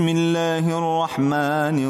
بسم الله الرحمن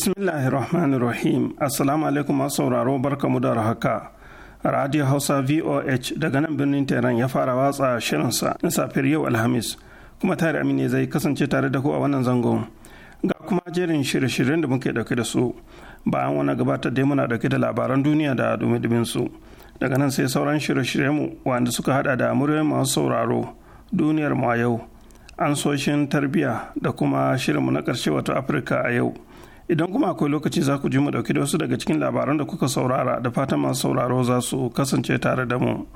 Bismillahirrahmanirrahim. Assalamu alaikum masu sauraro barkamu da haka. Radio Hausa VOH daga nan birnin Tehran ya fara watsa shirinsa na safiyar yau Alhamis. Kuma tare amine zai kasance tare da ku a wannan zangon. Ga kuma jerin shirye-shiryen da muke dauke da su. Bayan wani gabatar da muna dauke da labaran duniya da dumi su. Daga nan sai sauran shirye shiryen mu wanda suka hada da muryoyin masu sauraro, duniyar mu a yau, an ansoshin tarbiyya da kuma shirinmu na ƙarshe wato Afirka a yau. idan kuma akwai lokaci za ku ji mu dauke da wasu daga cikin labaran da kuka saurara da fatan masu sauraro za su kasance tare da mu.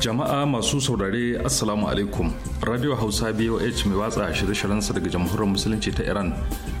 jama'a masu saurare assalamu alaikum radio hausa boh mai watsa shirye sa daga jamhuriyar musulunci ta iran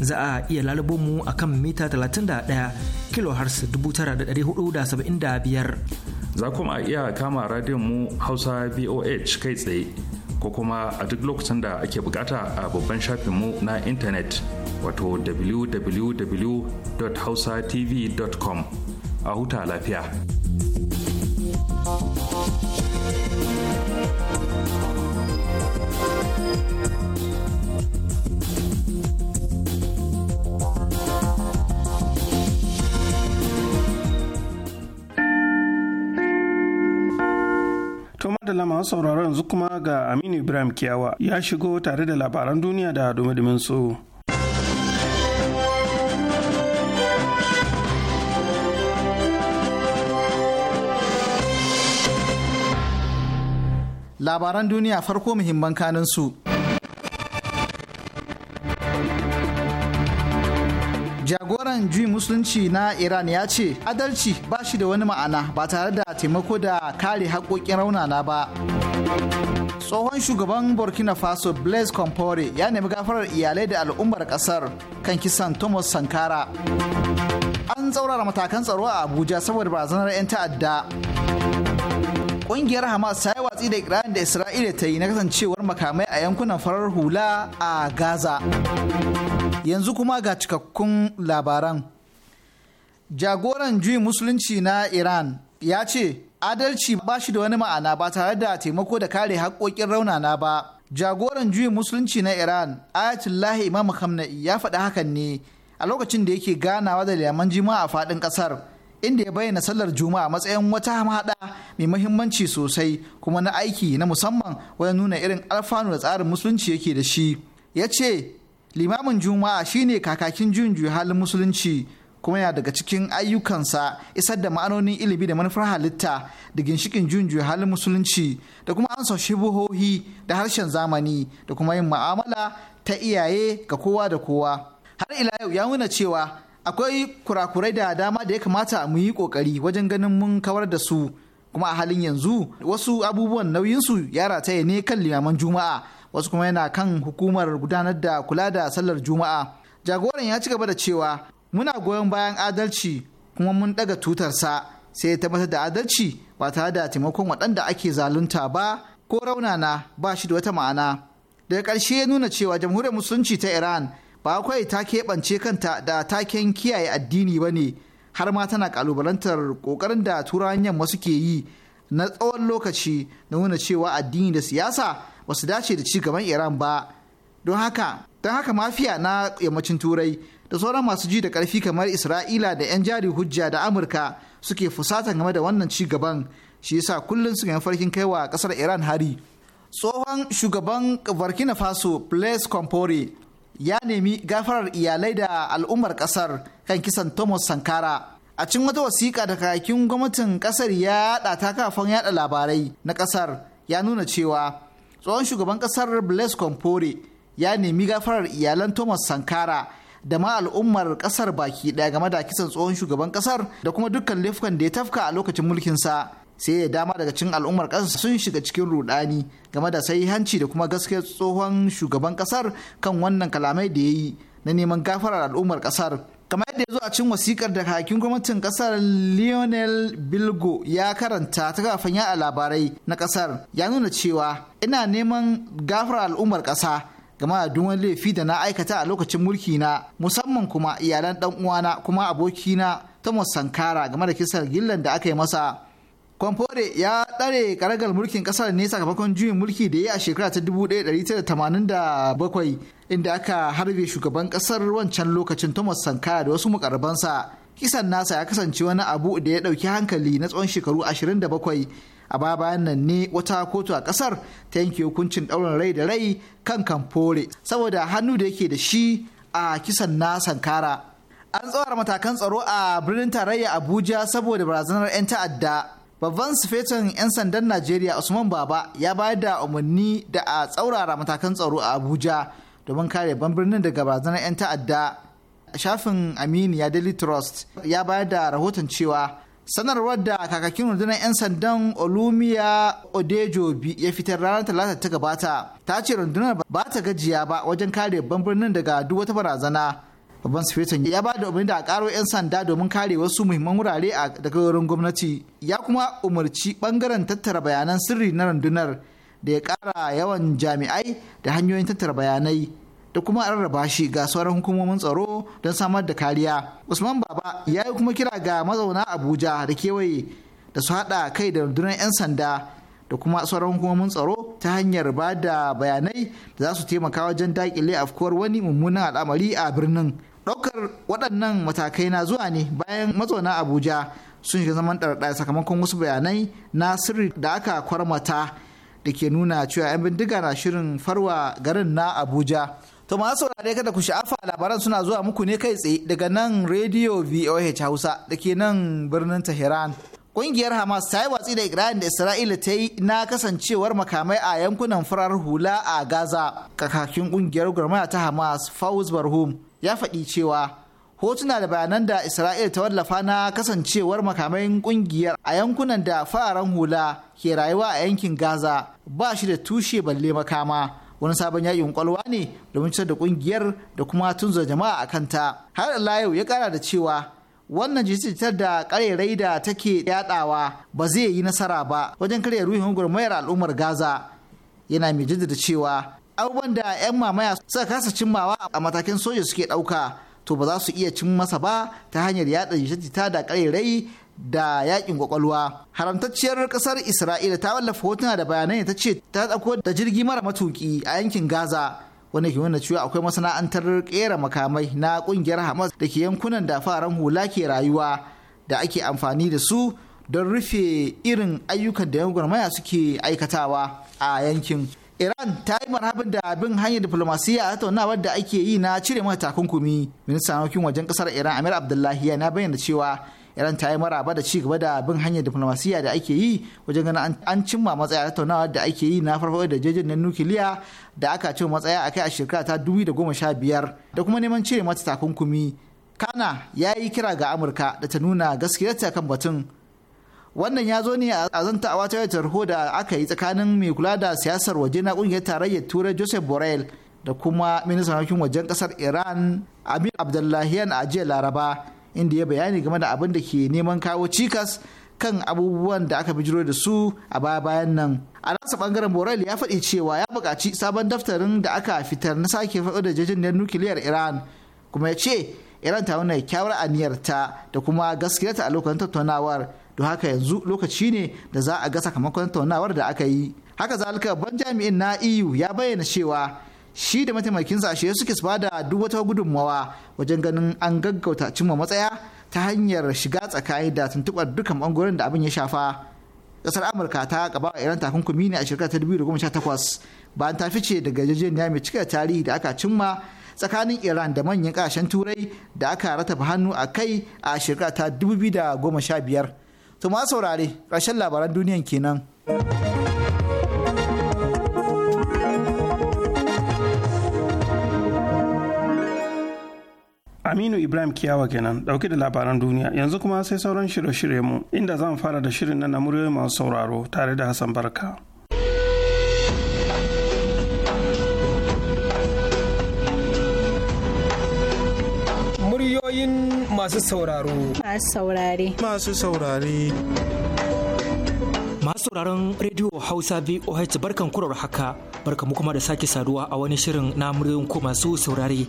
za a iya lalubo mu a kan mita 31 kilohertz biyar. za kuma iya kama radiyon mu hausa boh kai tsaye ko kuma a duk lokacin da ake bukata a babban shafin mu na intanet wato www.hausatv.com a huta lafiya. madalla masu sauraron yanzu kuma ga aminu ibrahim kiyawa ya shigo tare da labaran duniya da dumi su. labaran duniya farko muhimman kanin su jagoran juyin musulunci na iran ya ce adalci ba shi da wani ma'ana ba tare da taimako da kare haƙoƙin raunana ba tsohon shugaban burkina faso blaise compaore ya nemi gafarar iyalai da al'ummar kasar kan kisan thomas sankara an tsaurara matakan tsaro a abuja saboda barazanar 'yan ta'adda ƙungiyar hamas ta yi watsi da ikirarin da isra'ila ta yi na kasancewar makamai a yankunan farar hula a gaza yanzu kuma ga cikakkun labaran jagoran juyin musulunci na iran ya ce adalci ba shi da wani ma'ana ba tare da taimako da kare haƙoƙin raunana ba jagoran juyin musulunci na iran ayatullahi imam khamenei ya faɗi hakan ne a lokacin da yake ganawa da liyaman jima'a a faɗin ƙasar inda ya bayyana sallar juma'a matsayin wata haɗa mai muhimmanci sosai kuma na aiki na musamman wajen nuna irin alfanu da tsarin musulunci yake da shi ya ce limamin juma'a shine kakakin junju halin musulunci kuma yana daga cikin ayyukansa isar da ma'anonin ilimi da manufar halitta da ginshikin junju halin musulunci da kuma ansa shibuhohi da harshen zamani da kuma yin ma'amala ta iyaye ga kowa da kowa har ila yau ya nuna cewa akwai kurakurai da dama da ya kamata mu yi kokari wajen ganin mun kawar da su kuma a halin yanzu wasu abubuwan nauyinsu ya rataye ne kan limaman juma'a wasu kuma yana kan hukumar gudanar da kula da sallar juma'a jagoran ya ci gaba da cewa muna goyon bayan adalci kuma mun daga tutarsa sai ya tabbatar da adalci ba tare da taimakon waɗanda ake zalunta ba ko raunana ba shi da wata ma'ana daga ƙarshe ya nuna cewa jamhuriyar musulunci ta iran ba kawai ta keɓance kanta da taken kiyaye addini ba ne har ma tana ƙalubalantar ƙoƙarin da turawan yamma suke yi na tsawon lokaci na nuna cewa addini da siyasa ba su dace da ci gaban iran ba don haka don haka mafiya na yammacin turai da sauran masu ji da karfi kamar isra'ila da 'yan jari hujja da amurka suke fusata game da wannan ci gaban shi yasa kullum suka yi farkin kai wa kasar iran hari tsohon shugaban burkina faso blaise compaore ya nemi gafarar iyalai da al'ummar kasar kan kisan thomas sankara a cikin wata wasiƙa da kakin gwamnatin ƙasar ya yaɗa ta kafan yaɗa labarai na ƙasar ya nuna cewa tsohon shugaban kasar blaise compaore ya nemi gafarar iyalan thomas sankara da ma al'ummar kasar baki daya game da kisan tsohon shugaban kasar da kuma dukkan laifukan da ya tafka a lokacin mulkin sa sai ya dama daga cikin al'ummar kasar sun shiga cikin rudani game da sahihanci da kuma gaskiyar tsohon shugaban kasar kan wannan kalamai da yayi na neman gafarar al'ummar kasar kamar yadda ya zo a cikin wasikar da hakin gwamnatin kasar lionel bilgo ya karanta ta kafin ya labarai na kasar ya nuna cewa ina neman gafara al'ummar kasa game da duk laifi da na aikata a lokacin mulki na musamman kuma iyalan dan uwana kuma abokina ta sankara game da kisar gillan da aka yi masa Kwamfore ya tsare karagar mulkin kasar ne sakamakon juyin mulki da ya yi a shekara ta 1987 inda aka harbe shugaban kasar wancan lokacin Thomas Sankara da wasu mukarabansa. Kisan nasa ya kasance wani abu da ya ɗauki hankali na tsawon shekaru 27 a ba bayan nan ne wata kotu a kasar ta yanke hukuncin ɗaurin rai da rai kan Kamfore saboda hannu da yake da shi a kisan na Sankara. An tsawar matakan tsaro a birnin tarayya Abuja saboda barazanar 'yan ta'adda babban sufetan 'yan sandan najeriya usman baba ya bayar da umarni da a tsaurara matakan tsaro a abuja domin kare ban birnin daga barazanar 'yan ta'adda shafin ya daily trust ya bayar da rahoton cewa sanarwar da kakakin rundunar 'yan sandan olumiya odejobi ya fitar ranar talata ta gabata ta ce rundunar ba ta gajiya ba wajen kare ban birnin daga duk wata barazana babban sufetan ya ba da umarni da a karo 'yan sanda domin kare wasu muhimman wurare a daga wurin gwamnati ya kuma umarci bangaren tattara bayanan sirri na rundunar da ya kara yawan jami'ai da hanyoyin tattara bayanai da kuma rarraba shi ga sauran hukumomin tsaro don samar da kariya usman baba ya yi kuma kira ga mazauna abuja da kewaye da su haɗa kai da rundunar 'yan sanda da kuma sauran hukumomin tsaro ta hanyar ba da bayanai da za su taimaka wajen dakile afkuwar wani mummunan al'amari a birnin ɗaukar waɗannan matakai na zuwa ne bayan mazauna abuja sun shiga zaman ɗarɗaya sakamakon wasu bayanai na sirri da aka kwarmata da ke nuna cewa 'yan bindiga na shirin farwa garin na abuja to masu saurare kada ku sha'afa labaran suna zuwa muku ne kai tsaye daga nan rediyo voh hausa da ke nan birnin tehran Ƙungiyar Hamas ta yi watsi da ikirarin da Isra'ila ta yi na kasancewar makamai a yankunan farar hula a Gaza. Kakakin ƙungiyar gwamnati ta Hamas Fawz Barhum ya faɗi cewa hotuna da bayanan da isra'ila ta wallafa na kasancewar makamai ƙungiyar a yankunan da fararen hula ke rayuwa a yankin gaza ba shi da tushe balle makama wani sabon yayin kwalwa ne domin cutar da ƙungiyar da kuma tunzo jama'a a kanta har Allah yau ya kara da cewa wannan jita da ƙararai da take yadawa ba zai yi nasara ba wajen karya ruhin gurmayar al'ummar gaza yana mai jaddada cewa abubuwan da 'yan mamaya suka kasa cimmawa a matakin soja suke ɗauka to ba za su iya cin masa ba ta hanyar yada jita da ƙarairayi da yakin kwakwalwa haramtacciyar kasar isra'ila ta wallafa hotuna da bayanai ta ce ta ɗauko da jirgi mara matuki a yankin gaza wanda ke nuna cewa akwai masana'antar kera makamai na kungiyar hamas da ke yankunan da faran hula ke rayuwa da ake amfani da su don rufe irin ayyukan da yan gwamnati suke aikatawa a yankin Iran ta yi marhabin da bin hanyar diplomasiyya a tattaunawa da ake yi na cire mata takunkumi. Ministan harkokin wajen kasar Iran Amir Abdullahi na bayyana cewa Iran ta yi maraba da ci gaba da bin hanyar diplomasiyya da ake yi wajen ganin an cimma matsaya tattaunawa da ake yi na farfawa da jejin na nukiliya da aka cimma matsaya a kai a shekara ta biyar da kuma neman cire mata takunkumi. Kana ya yi kira ga Amurka da ta nuna gaskiyarta kan batun. wannan ya zo ne a zantawa ta tarho da aka yi tsakanin mai kula da siyasar waje na kungiyar tarayyar turai joseph borrell da kuma ministan harkokin wajen kasar iran amir abdullahian a jiya laraba inda ya bayani game da abin da ke neman kawo cikas kan abubuwan da aka bijiro da su a baya bayan nan a nasa bangaren borrell ya faɗi cewa ya buƙaci sabon daftarin da aka fitar na sake faɗo da jajiniyar nukiliyar iran kuma ya ce iran ta wani kyawar aniyarta da kuma gaskiyarta a lokacin tattaunawar don haka yanzu lokaci ne da za a ga sakamakon tattaunawar da aka yi haka zalika ban jami'in na eu ya bayyana cewa shi da mataimakinsa ashe suke su bada duk wata gudunmawa wajen ganin an gaggauta cimma matsaya ta hanyar shiga tsakani da tuntubar dukkan da abin ya shafa ƙasar amurka ta gaba a iran takunkumi ne a shekara ta 2018 bayan ta fice daga ya mai cika tarihi da aka cimma tsakanin iran da manyan kasashen turai da aka rataba hannu a kai a shekara ta 2015 To ma saurare ƙarshen labaran duniyan kenan. Aminu Ibrahim Kiyawa kenan dauke da labaran duniya yanzu kuma sai sauran shirye shiryenmu inda zan fara da shirin na muryoyi masu sauraro tare da Hassan Barka. Ra'ayoyin masu sauraro. Masu saurare. Masu saurare. Masu sauraron Radio Hausa VOH barkan kurar haka mu kuma da sake saduwa a wani shirin na muryoyin ku masu saurare.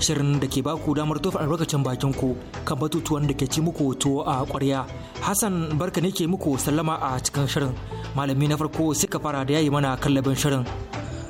Shirin da ke baku damar tofa albarkacin bakin ku kan batutuwan da ke ci muku tuwo a ƙwarya. Hassan barka ne ke muku sallama a cikin shirin. Malami na farko suka fara da yayi mana kallabin shirin.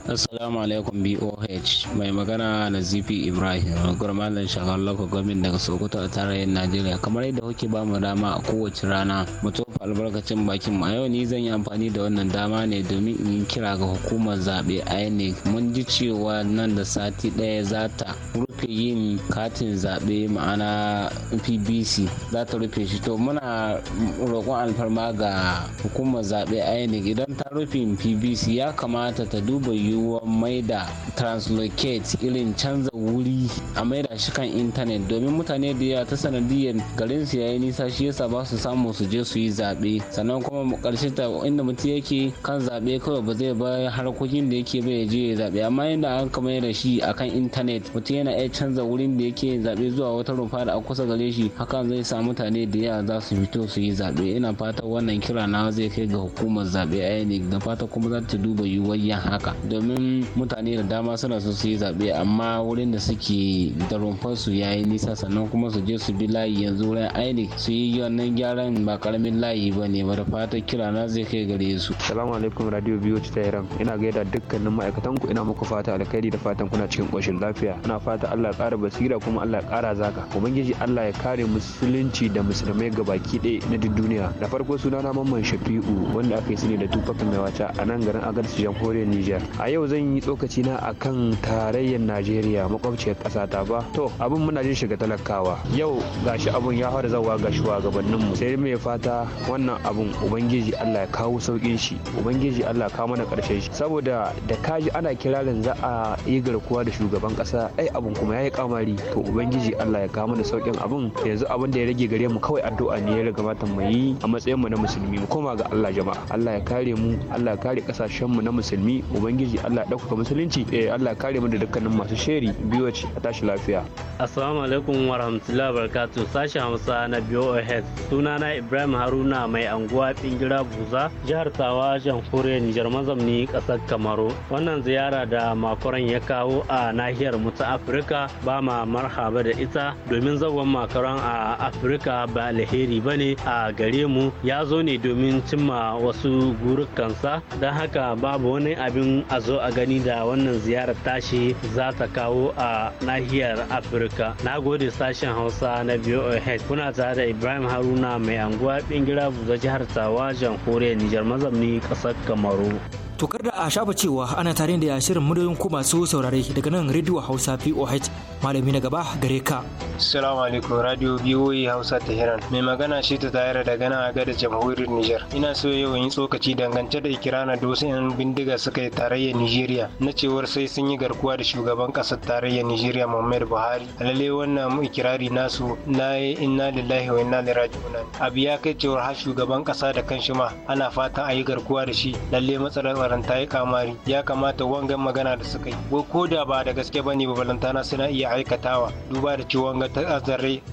Assalamu alaikum BOH mai magana na Zifi Ibrahim gurmanin shagar lokacin gwamnati daga Sokoto a tarayyar Najeriya kamar yadda kuke ba mu dama a kowace rana mu tofa albarkacin bakin mu a yau ni zan yi amfani da wannan dama ne domin in yi kira ga hukumar zaɓe INEC mun ji cewa nan da sati ɗaya za ta rufe yin katin zaɓe ma'ana PBC za ta rufe shi to muna roƙon alfarma ga hukumar zaɓe INEC idan ta rufe PBC ya kamata ta duba yiwu yiwuwar maida translocate irin canza wuri a maida shi kan intanet domin mutane da ya ta sanadiyar garin su yayi nisa shi yasa ba su samu su je su yi zaɓe sannan kuma karshe ta inda mutum yake kan zaɓe kawai ba zai bar harkokin da yake bai je ya zaɓe amma inda an ka da shi akan intanet mutum yana iya canza wurin da yake zabe zaɓe zuwa wata rumfa da a kusa gare shi hakan zai sa mutane da yawa za su fito su yi zaɓe ina fata wannan kira na zai kai ga hukumar zaɓe inec da fata kuma za ta duba yiwuwar yin haka domin domin mutane da dama suna so su yi zaɓe amma wurin da suke da rumfansu su yayi nisa sannan kuma su je su bi layi yanzu wurin INEC su yi wannan gyaran ba karamin layi ba ne ba fatan kira na zai kai gare su. Salamu alaikum radio biyu ta Iran ina gaida dukkanin ma'aikatan ku ina muku fata alkhairi da fatan kuna cikin ƙoshin lafiya ina fata Allah ya ƙara basira kuma Allah ya ƙara zaka ubangiji Allah ya kare musulunci da musulmai gabaki ɗaya na duk duniya da farko sunana mamman Shafi'u wanda aka yi sani da tufafin mai wata a nan garin Agadez jamhuriyar Nijar. a yau zan yi tsokaci na kan tarayyar najeriya makwabciyar ƙasa ta ba to abin muna jin shiga talakawa yau gashi abun ya fara zawa ga shugabannin mu sai mai fata wannan abin ubangiji allah ya kawo saukin shi ubangiji allah kawo mana ƙarshen shi saboda da kaji ana kirarin za a yi garkuwa da shugaban ƙasa ai abin kuma ya yi kamari to ubangiji allah ya kawo mana saukin abin yanzu abin da ya rage gare mu kawai addu'a ne ya riga mata mu yi a matsayin mu na musulmi mu koma ga allah jama'a allah ya kare mu allah ya kare kasashen mu na musulmi ubangiji Allah ya ɗaukaka musulunci eh Allah kare mu da dukkanin masu sheri biyu a tashi lafiya assalamu alaikum wa rahmatullahi barakatuh sashi hamsa na BOH sunana Ibrahim Haruna mai anguwa Bingira Buza jihar Tawa jamhuriyar Nijar mazamni kasar Kamaru wannan ziyara da makoran ya kawo a nahiyar mu ta Afirka ba ma marhaba da ita domin zagon makaran a Afirka ba alheri bane a gare mu ya zo ne domin cimma wasu gurukansa don haka babu wani abin az zo a gani da wannan ziyarar tashi za ta kawo a nahiyar afirka na gode sashen hausa na voh kuna tare da ibrahim haruna mai anguwa bingira buza jihar tawa jamhuriyar nijar mazamni kasar kamaru To da a shafa cewa ana tare da shirin muryoyin ku masu saurare daga nan rediyo Hausa POH, malami na gaba gare ka. Assalamu alaikum radio BOA Hausa Hiran. mai magana shi ta tayar daga nan a gada jamhuriyar Nijar. Ina so yau in tsokaci dangance da ikirana da wasu yan bindiga suka yi tarayyar Nijeriya. na cewar sai sun yi garkuwa da shugaban kasar tarayyar Nijeriya, Muhammad Buhari. Lalle wannan ikirari nasu na inna lillahi wa inna ilaihi raji'un. Abu ya kai cewar har shugaban kasa da kan ma ana fatan a yi garkuwa da shi. Lalle matsalar makaranta ya kamari ya kamata wangan magana da suka yi ko ko da ba da gaske bane ba balantana suna iya aikatawa duba da cewa wanga ta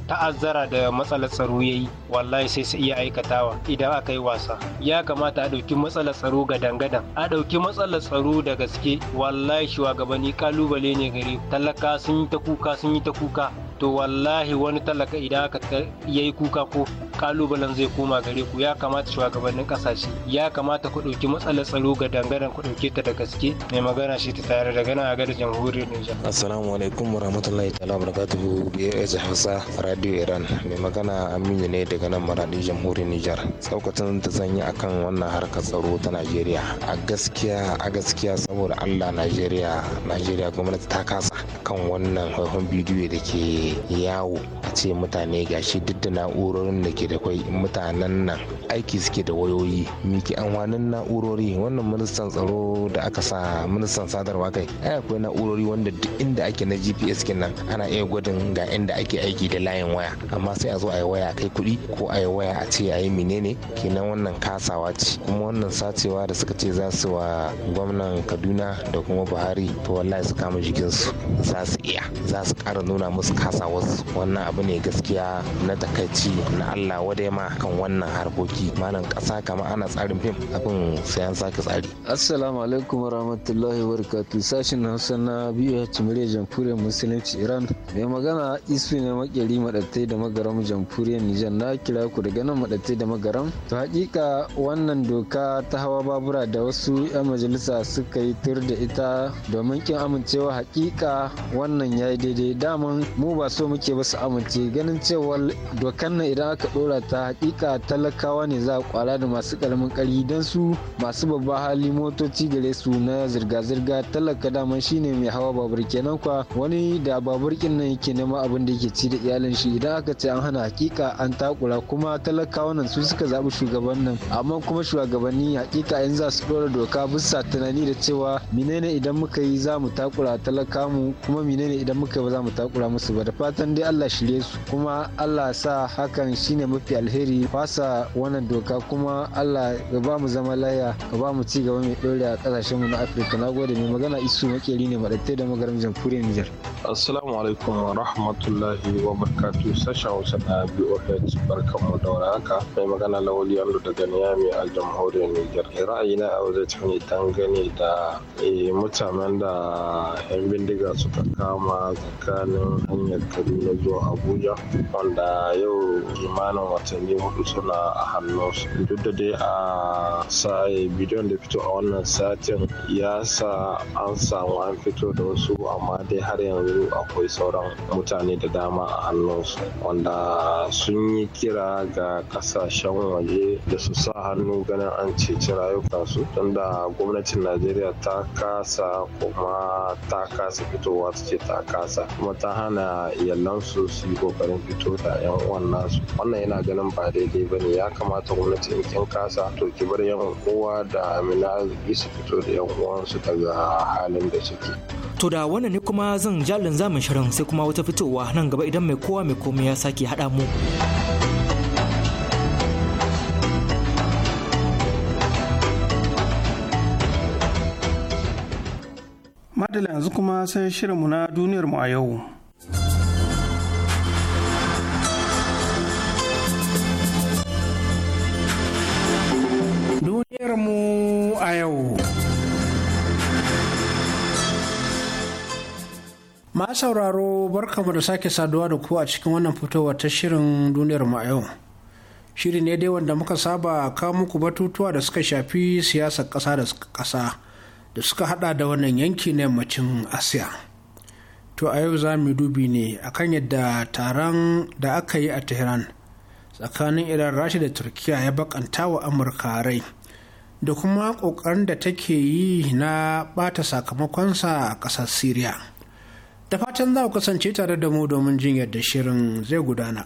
ta'azzara da matsalar tsaro yayi wallahi sai su iya aikatawa idan aka yi wasa ya kamata a dauki matsalar tsaro ga dangadan a ɗauki matsalar tsaro da gaske wallahi shugabanni kalubale ne gare talaka sun yi ta kuka sun yi ta kuka to wallahi wani talaka idan aka yi kuka ko kalubalen zai koma gare ku ya kamata shugabannin kasashe ya kamata ku ɗauki matsalar tsaro ga dangaren ku ɗauke ta da gaske mai magana shi ta tare da gana a gada jamhuriyar Nijar. Assalamu alaikum wa ta'ala wa barakatuhu BAS Hausa Radio Iran mai magana Aminu ne daga nan Maradi jamhuriyar Nijar. Saukatan da zan yi akan wannan harkar tsaro ta Najeriya a gaskiya a gaskiya saboda Allah Najeriya Najeriya gwamnati ta kasa kan wannan faifan bidiyo da ke yawo a ce mutane gashi duk da na'urorin da ke da kwai mutanen nan aiki suke da wayoyi miki amfanin na'urori wannan ministan tsaro da aka sa ministan sadarwa kai ai akwai na'urori wanda duk inda ake na gps kenan ana iya gwadin ga inda ake aiki da layin waya amma sai a zo a yi waya kai kuɗi ko a yi waya a ce a yi menene kenan wannan kasawa ce kuma wannan sacewa da suka ce za su wa gwamnan kaduna da kuma buhari to wallahi su kama jikinsu za su iya za su ƙara nuna musu kasa kasa wasu wannan abu ne gaskiya na takaici na allah wadai ma kan wannan harkoki malam kasa kama ana tsarin fim abin sayan sake tsari assalamu alaikum warahmatullahi wabarakatuh sashin hausa na biyu ya cimire jamhuriyar musulunci iran mai magana isu ne makeri madattai da magaram jamhuriyar nijar na kira ku daga nan madattai da magaram to hakika wannan doka ta hawa babura da wasu 'yan majalisa suka yi tur da ita domin kin amincewa hakika wannan ya yi daidai daman mu ba ba so muke ba su amince ganin cewa dokan nan idan aka dora ta hakika talakawa ne za a kwara da masu karamin kari don su masu babban hali motoci gare su na zirga-zirga talaka daman shine mai hawa babur kenan kwa wani da babur kin nan yake nema abin da yake ci da iyalin shi idan aka ce an hana hakika an takura kuma talakawa nan su suka zaɓi shugaban nan amma kuma shugabanni hakika in za su dora doka bisa tunani da cewa menene idan muka yi za mu takura talaka mu kuma menene idan muka ba za mu takura musu ba da fatan dai Allah shirye su kuma Allah sa hakan shine mafi alheri fasa wannan doka kuma Allah ya ba mu zama laya ka ba mu ci gaba mai dore a kasashen mu na Afirka na gode mai magana isu makeri ne madatte da magaram jamhuriyar Nijar assalamu alaikum wa rahmatullahi wa barakatuh sashen Hausa na BOH barkamu da warhaka mai magana Lawali Allo daga Niamey a jamhuriyar Nijar ra'ayina a wajen tuni dangane da eh, mutanen da 'yan bindiga suka kama tsakanin hanyar kaduna zuwa abuja wanda yau imanin watanni hudu suna a hannunsu duk da dai a sa'ayi bidiyon da fito a wannan satin ya sa an samu an fito da wasu amma dai har yanzu akwai sauran mutane da dama a hannunsu wanda sun yi kira ga kasashen waje da su sa hannu ganin an ceci rayukansu don da gwamnatin najeriya ta kasa kuma ta kasa fitowa ta ce ta kasa kuma ta hana iyalansu su yi kokarin fito da yan uwan nasu wannan yana ganin ba daidai ba ne ya kamata gwamnati in kin kasa to ki bar yan uwa da amina arziki su fito da yan uwansu daga halin da suke to da wannan ne kuma zan jalin zamin shirin sai kuma wata fitowa nan gaba idan mai kowa mai komai ya sake haɗa mu Madala yanzu kuma sai shirinmu na duniyarmu a yau. ma sauraro barkamu da sake saduwa da ku a cikin wannan fitowa ta shirin duniyar mu a yau shiri ne dai wanda muka saba kawo muku batutuwa da suka shafi siyasar ƙasa da ƙasa da suka hada da wannan yanki na yammacin asiya to a yau za mu dubi ne akan yadda taron da aka yi a tehran tsakanin iran rasha da turkiya ya bakanta wa amurka rai da kuma ƙoƙarin da take yi na ɓata sakamakonsa a ƙasar Siriya. da fatan za ku kasance tare da mu domin jin yadda shirin zai gudana.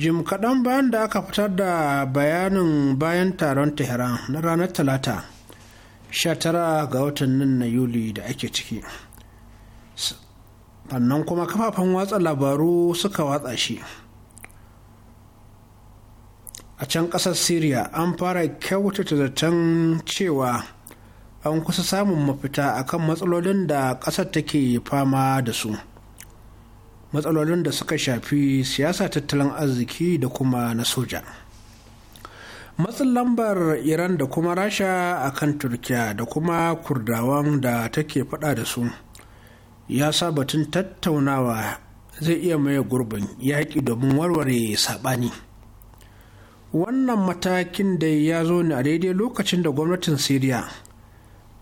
jim kaɗan bayan da aka fitar da bayanin bayan taron tehran na ranar talata 19 ga watan nan na yuli da ake ciki. sannan kuma kafafen watsa labaru suka watsa shi a can ƙasar syria an fara kyautata zaton cewa an kusa samun mafita akan matsalolin da ƙasar take fama da su matsalolin da suka shafi siyasa tattalin arziki da kuma na soja matsin lambar iran da kuma rasha akan turkiya da kuma kurdawan da take fada da su ya sa batun tattaunawa zai iya maye gurbin yaƙi domin warware saɓani wannan matakin da ya zo ne a daidai lokacin da gwamnatin siriya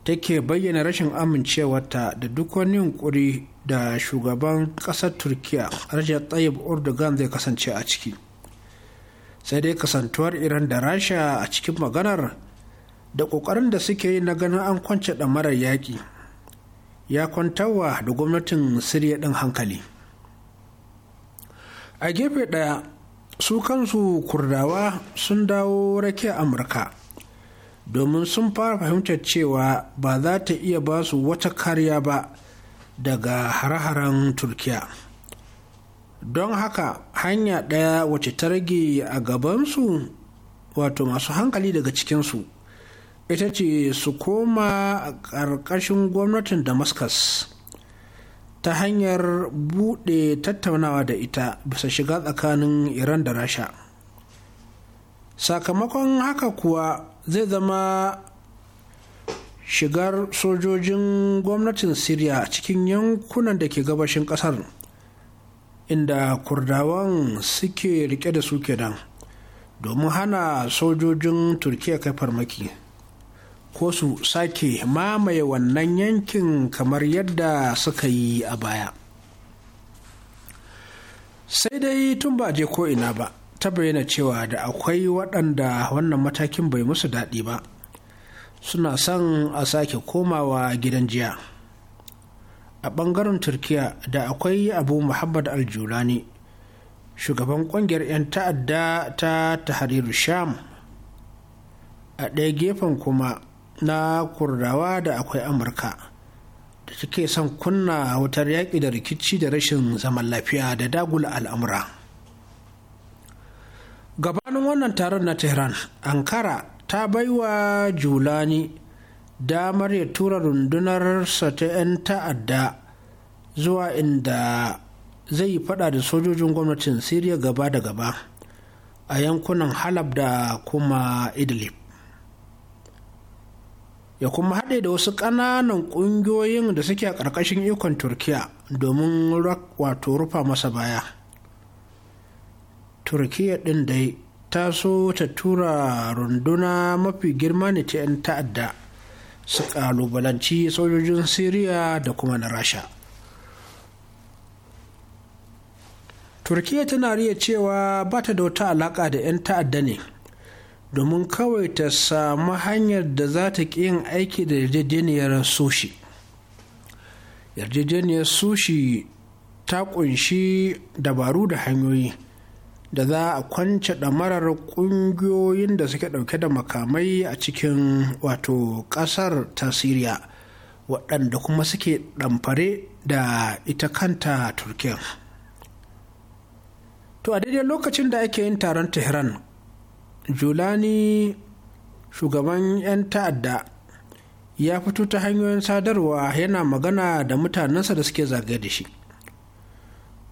take bayyana rashin amincewarta da duk wani yunkuri da shugaban ƙasar turkiya rajab tayyip erdogan zai kasance a ciki sai dai kasantuwar iran da rasha a cikin maganar da ƙoƙarin da suke yi na ganin an kwance ɗamarar yaƙi ya kwantarwa da gwamnatin siriya ɗin hankali a gefe ɗaya su kansu kurdawa sun dawo rake amurka domin sun fara fahimtar cewa ba za ta iya ba su wata kariya ba daga hare-haren turkiya don haka hanya ɗaya wacce ta rage a gabansu wato masu hankali daga cikinsu ita ce su koma a ƙarƙashin gwamnatin damascus ta hanyar buɗe tattaunawa da ita bisa shiga tsakanin iran da rasha sakamakon haka kuwa zai zama shigar sojojin gwamnatin syria cikin yankunan da ke gabashin ƙasar inda kurdawan suke rike da su kenan domin hana sojojin turkiya kai farmaki ko su sake mamaye wannan yankin kamar yadda suka yi a baya sai dai tun ba je ko'ina ba ta bayyana cewa da akwai waɗanda wannan matakin bai musu daɗi ba suna son a sake komawa gidan jiya a ɓangaren turkiya da akwai abu muhammad aljulani shugaban ƙungiyar 'yan ta'adda ta tahariru sham a ɗaya gefen kuma na kurdawa da akwai amurka da take son kunna wutar yaƙi da rikici da rashin zaman lafiya da dagula al'amura gabanin wannan taron na tehran ankara ta baiwa julani damar ya tura rundunarsa ta 'yan ta'adda zuwa inda zai yi fada da sojojin gwamnatin siriya gaba da gaba a yankunan halab da kuma idlib ya kuma haɗe da wasu ƙananan ƙungiyoyin da suke a ƙarƙashin ikon turkiya domin wato rufa masa baya turkiya ɗin dai ta so ta tura runduna mafi girma ne ta 'yan ta'adda su ƙalubalanci sojojin siriya da kuma na rasha turkiya tana riya cewa ba ta da wata alaƙa da 'yan ta'adda ne domin kawai ta samu hanyar da za ta ƙi yin aiki da yarjejeniyar sushi, yarjejeniyar sushi ta ƙunshi dabaru da hanyoyi da za a kwance ɗamarar ƙungiyoyin da suke ɗauke da makamai a cikin wato ƙasar ta siriya waɗanda kuma suke ɗamfare da ita kanta turkiyya to a daidai lokacin da ake yin taron tehran julani shugaban 'yan ta'adda ya fito ta hanyoyin sadarwa yana magana da mutanensa da suke zagaye da shi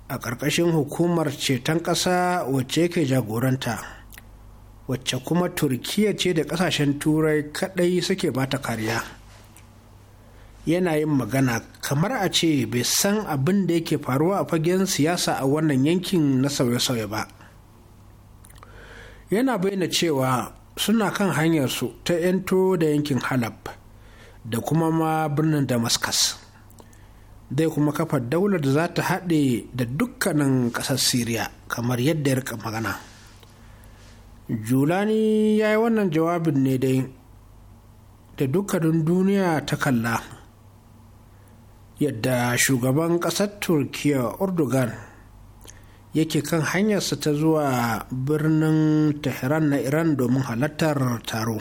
a ƙarƙashin hukumar ceton ƙasa wacce ke jagoranta wacce kuma turkiya ce da ƙasashen turai kaɗai suke bata kariya yana yin magana kamar a ce bai san abin da yake faruwa a fagen siyasa a wannan yankin na sauye-sauye ba yana bayyana cewa suna kan hanyarsu ta 'yanto da yankin halab da kuma ma birnin damascus zai kuma kafa daular da za ta haɗe da dukkanin ƙasar syria kamar yadda ya rika magana julani ya yi wannan jawabin ne dai da dukkanin duniya ta kalla yadda shugaban ƙasar turkiya urdugan yake kan hanyarsa ta zuwa birnin tehran na iran domin halartar taro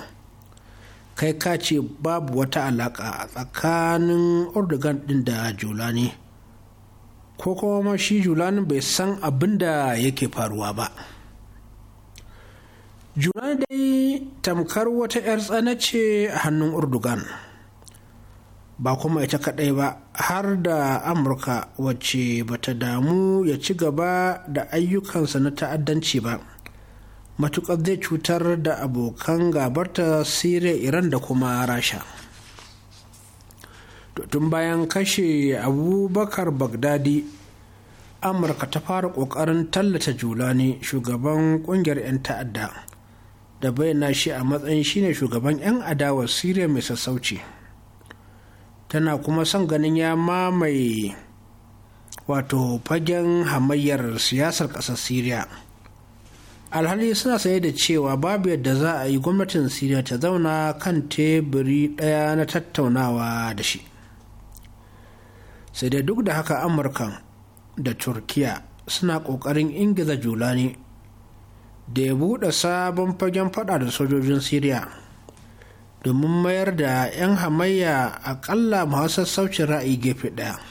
kai ka ce babu wata alaƙa tsakanin urdugan ɗin da julani ko kuma shi julani bai san abin da yake faruwa ba julani dai tamkar wata 'yar tsana ce a hannun urdugan ba kuma ita kaɗai ba har da amurka wacce ba ta damu ya ci gaba da ayyukansa na ta'addanci ba Matuƙar zai cutar da abokan gabarta siriya iran da kuma rasha tun bayan kashe abubakar bagdadi amurka ta fara ƙoƙarin tallata julani shugaban ƙungiyar 'yan ta'adda da bayyana shi a matsayin shine shugaban 'yan adawar siriya mai sassauci. tana kuma son ganin ya mamaye wato fagen hamayyar siyasar ƙasar syria alhali suna saye da cewa babu yadda za a yi gwamnatin syria ta zauna kan teburi ɗaya na tattaunawa da shi sai dai duk da haka amurkan da turkiya suna ƙoƙarin ingiza julani da ya buɗe sabon fagen fada da sojojin syria domin mayar da 'yan hamayya aƙalla masu sassaucin ra'ayi gefe ɗaya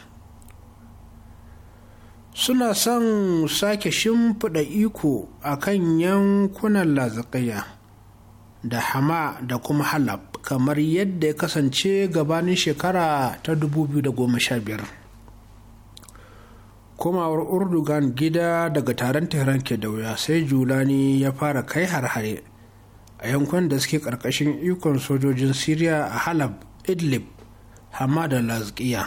suna son sake shimfiɗa iko a kan yankunan lazakaya da hama da kuma halab kamar yadda ya kasance gabanin shekara ta 2015 komawar urdugan gida daga taron tehran ke da wuya sai julani ya fara kai har a yankunan da suke ƙarƙashin ikon sojojin syria a halab idlib hamada lazkiya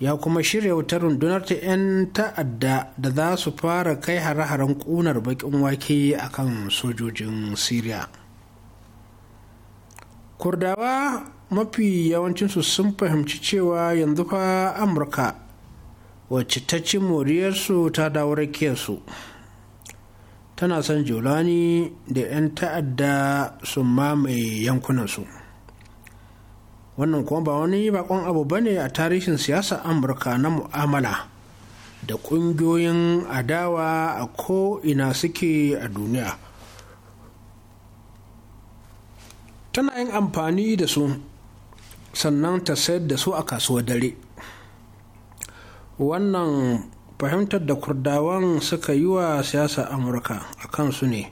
ya kuma shirya wutar rundunar ta 'yan ta'adda da za su fara kai hare-haren ƙunar baƙin wake a kan sojojin syria kurdawa mafi yawancinsu sun fahimci cewa yanzu fa amurka wacce ta ci moriyarsu ta dawo rakiyarsu su tana son jolani da 'yan ta'adda su mamaye yankunansu wannan kuma ba wani bakon abu ba ne a tarihin siyasa amurka na mu'amala da ƙungiyoyin adawa a ko'ina suke a duniya tana yin amfani da su sannan ta sayar da su a kasuwar dare wannan fahimtar da kurdawan suka yi wa siyasa amurka a kansu ne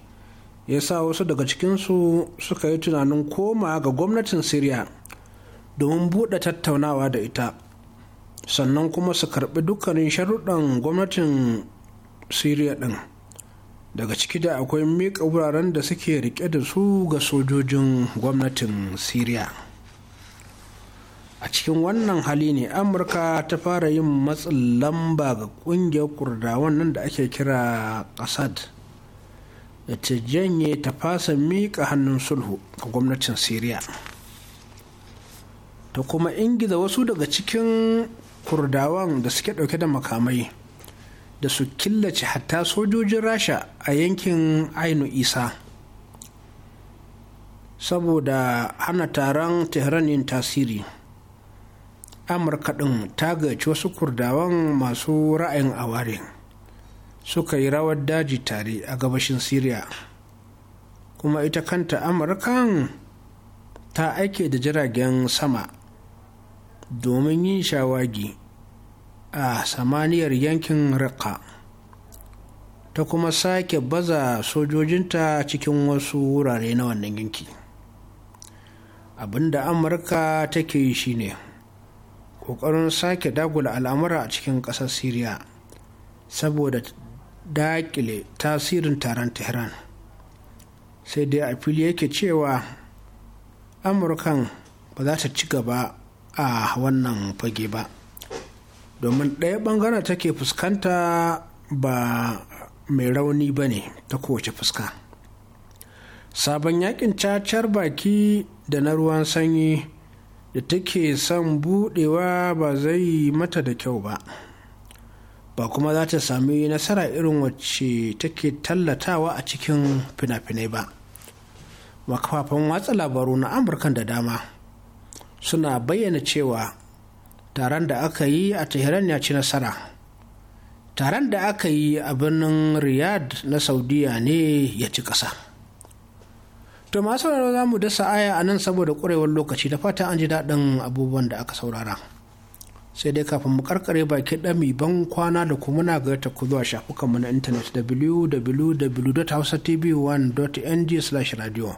ya sa wasu daga cikinsu suka yi tunanin koma ga gwamnatin siriya domin buɗe tattaunawa da ita sannan kuma su karɓi dukkanin sharuɗan gwamnatin siriya ɗin daga ciki da akwai miƙa wuraren da suke riƙe da su ga sojojin gwamnatin siriya a cikin wannan hali ne amurka ta fara yin matsin lamba ga kungiyar kurdawan nan da ake kira kasad da ta janye ta fasa miƙa hannun sulhu ga gwamnatin syria ta kuma ingiza wasu daga cikin kurdawan da suke ɗauke da makamai da su killace hatta sojojin rasha a yankin ainu isa saboda hana taron tehran yin tasiri amurka ɗin ta gaci wasu kurdawan masu ra'ayin aware suka yi rawar daji tare a gabashin syria kuma ita kanta amurkan ta aike da jiragen sama domin yin shawagi a samaniyar yankin raqqa ta kuma sake baza sojojinta cikin wasu wurare na wannan yanki abinda amurka take yi shine ne ƙoƙarin sake dagula al'amura a cikin ƙasar Siriya saboda daƙile tasirin taron tehran sai dai a fili yake cewa amurkan ba za ta ci gaba a wannan fage ba domin ɗaya ɓangaren take fuskanta ba mai rauni ba ne ta kowace fuska sabon yakin cacar baki da na ruwan sanyi da take son budewa ba zai mata da kyau ba ba kuma za ta sami nasara irin wacce take tallatawa a cikin fina-finai ba makafafen watsa labaru na amurkan da dama suna bayyana cewa taron da aka yi a tehran ya ci nasara taron da aka yi a birnin riyadh na saudiya ne ya ci ƙasa. To masu sauraro za mu dasa aya a nan saboda ƙurewar lokaci da fata an ji daɗin abubuwan da aka saurara. Sai dai kafin mu karkare baki ɗami ban kwana da kuma na ga ta zuwa shafukanmu na intanet www.hausatv1.ng/radio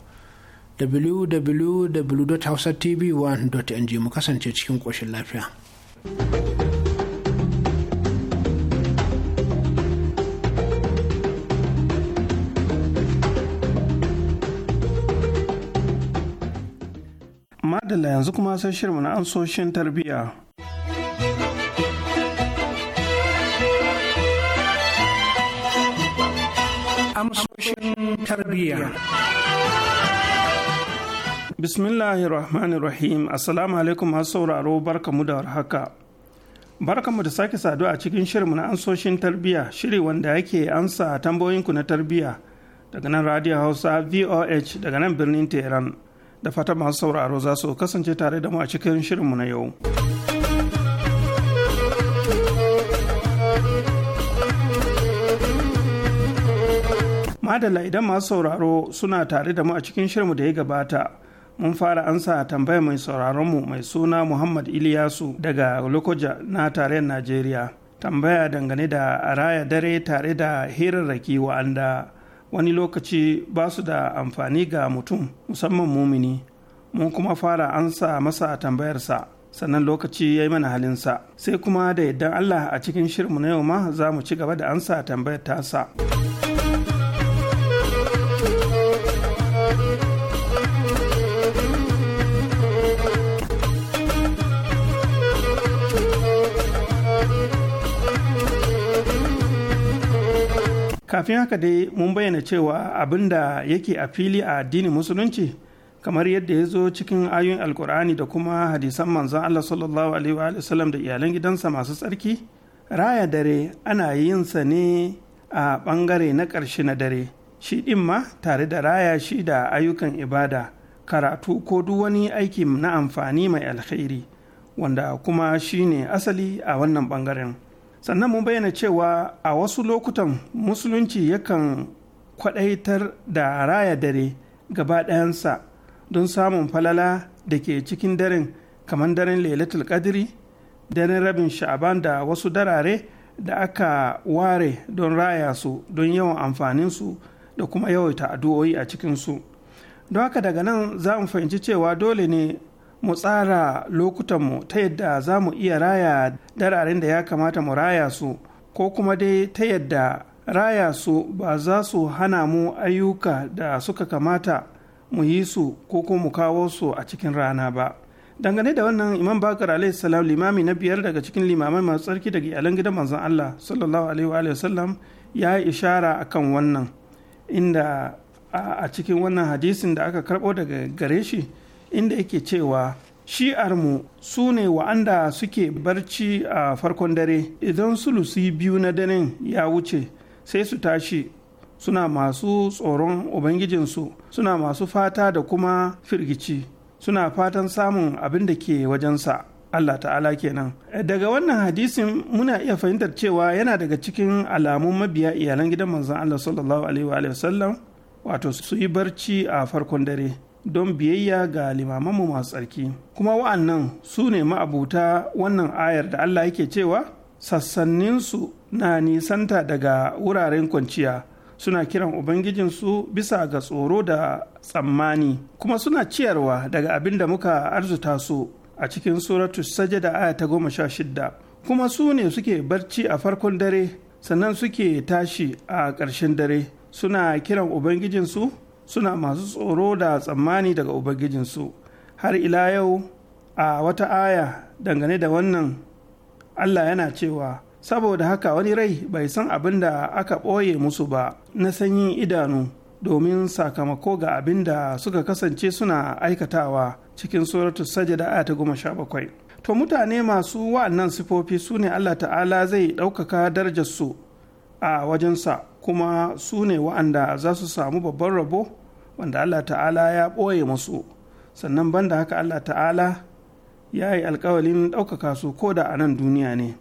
www.hausatv1.ng mu kasance cikin koshin lafiya. Madalla yanzu kuma sai shirmu na ansoshin tarbiyya. Amsoshin tarbiyya. Bismillahirrahmanirrahim Assalamu alaikum masu sauraro barkamu da warhaka. Barkamu da sake saduwa a cikin shirmu na ansoshin tarbiyya shiri wanda yake ansa tambayoyinku na tarbiyya daga nan Radio Hausa VOH daga nan birnin Tehran. da fata masu sauraro za su kasance tare da mu a cikin shirinmu na yau. madala idan masu sauraro suna tare da mu a cikin shirinmu da ya gabata. Mun fara ansa tambaya mai sauraronmu mai suna Muhammad Iliyasu daga Lokoja na tarayyar Najeriya. Tambaya dangane da araya raya dare tare da hirarraki wa'anda wani lokaci ba su da amfani ga mutum musamman mumini mun kuma fara ansa masa tambayarsa sannan lokaci ya yi mana halinsa sai kuma da yadda allah a cikin shirinmu na yau ma za mu ci gaba da ansa tambayar tasa. kafin haka dai mun bayyana cewa abin da yake a fili a addinin musulunci kamar yadda ya zo cikin ayoyin alkur'ani da kuma hadisan manzan allah sallallahu alaihi wa da iyalan gidansa masu tsarki raya dare ana yin sa ne a bangare na ƙarshe na dare shi ɗin ma tare da raya shi da ayyukan ibada karatu ko duk wani aiki na amfani mai alkhairi wanda kuma shine asali a wannan bangaren. sannan mun bayyana cewa a wasu lokutan musulunci yakan kwadaitar da raya dare gaba ɗayansa don samun falala da ke cikin daren kamar daren lailatul kadiri daren rabin sha'aban da wasu darare da aka ware don raya su don yawan amfaninsu da kuma yawaita addu'o'i a cikinsu don haka daga nan za mu fahimci cewa dole ne mu tsara lokutanmu ta yadda za mu iya raya dararen da ya kamata mu raya su ko kuma dai ta yadda raya su ba za su hana mu ayyuka da suka kamata mu yi su ko kuma mu kawo su a cikin rana ba dangane da wannan imam bakar alaihi salam limami na biyar daga cikin limamai masu tsarki daga iyalan gidan manzon Allah sallallahu alaihi wa sallam ya yi ishara akan wannan inda a cikin wannan hadisin da aka karbo daga gare shi inda yake cewa shi'armu su ne wa'anda suke barci a farkon dare idan sulusi biyu na daren ya wuce sai su tashi suna masu tsoron ubangijinsu suna masu fata da kuma firgici suna fatan samun abin da ke wajensa Allah ta'ala kenan daga wannan hadisin muna iya fahimtar cewa yana daga cikin alamun mabiya iyalan gidan manzon Allah sallallahu alaihi wa sallam wato su yi barci a farkon dare don biyayya ga limamanmu masu tsarki kuma wa'annan su ne ma'abuta wannan ayar da Allah yake cewa sassanninsu na nisanta daga wuraren kwanciya suna kiran ubangijinsu bisa ga tsoro da tsammani kuma suna ciyarwa daga abin da muka arzuta su a cikin suratu da aya ta goma sha shidda kuma su ne suke barci a farkon dare sannan suke tashi a ƙarshen dare suna kiran ubangijinsu suna masu tsoro da tsammani daga ubangijinsu har ila yau a wata aya dangane da wannan allah yana cewa saboda haka wani rai bai san abin da aka ɓoye musu ba na sanyin idanu domin sakamako ga abin da suka kasance suna aikatawa cikin suratul sajada aya ta goma sha bakwai to mutane masu wa'annan sifofi su ne allah ta'ala zai ɗaukaka darajarsu a wajensa kuma su ne wa'anda za su samu babban rabo wanda Allah ta'ala ya ɓoye musu sannan banda haka Allah ta'ala ya yi alkawalin ɗaukaka su ko da a nan duniya ne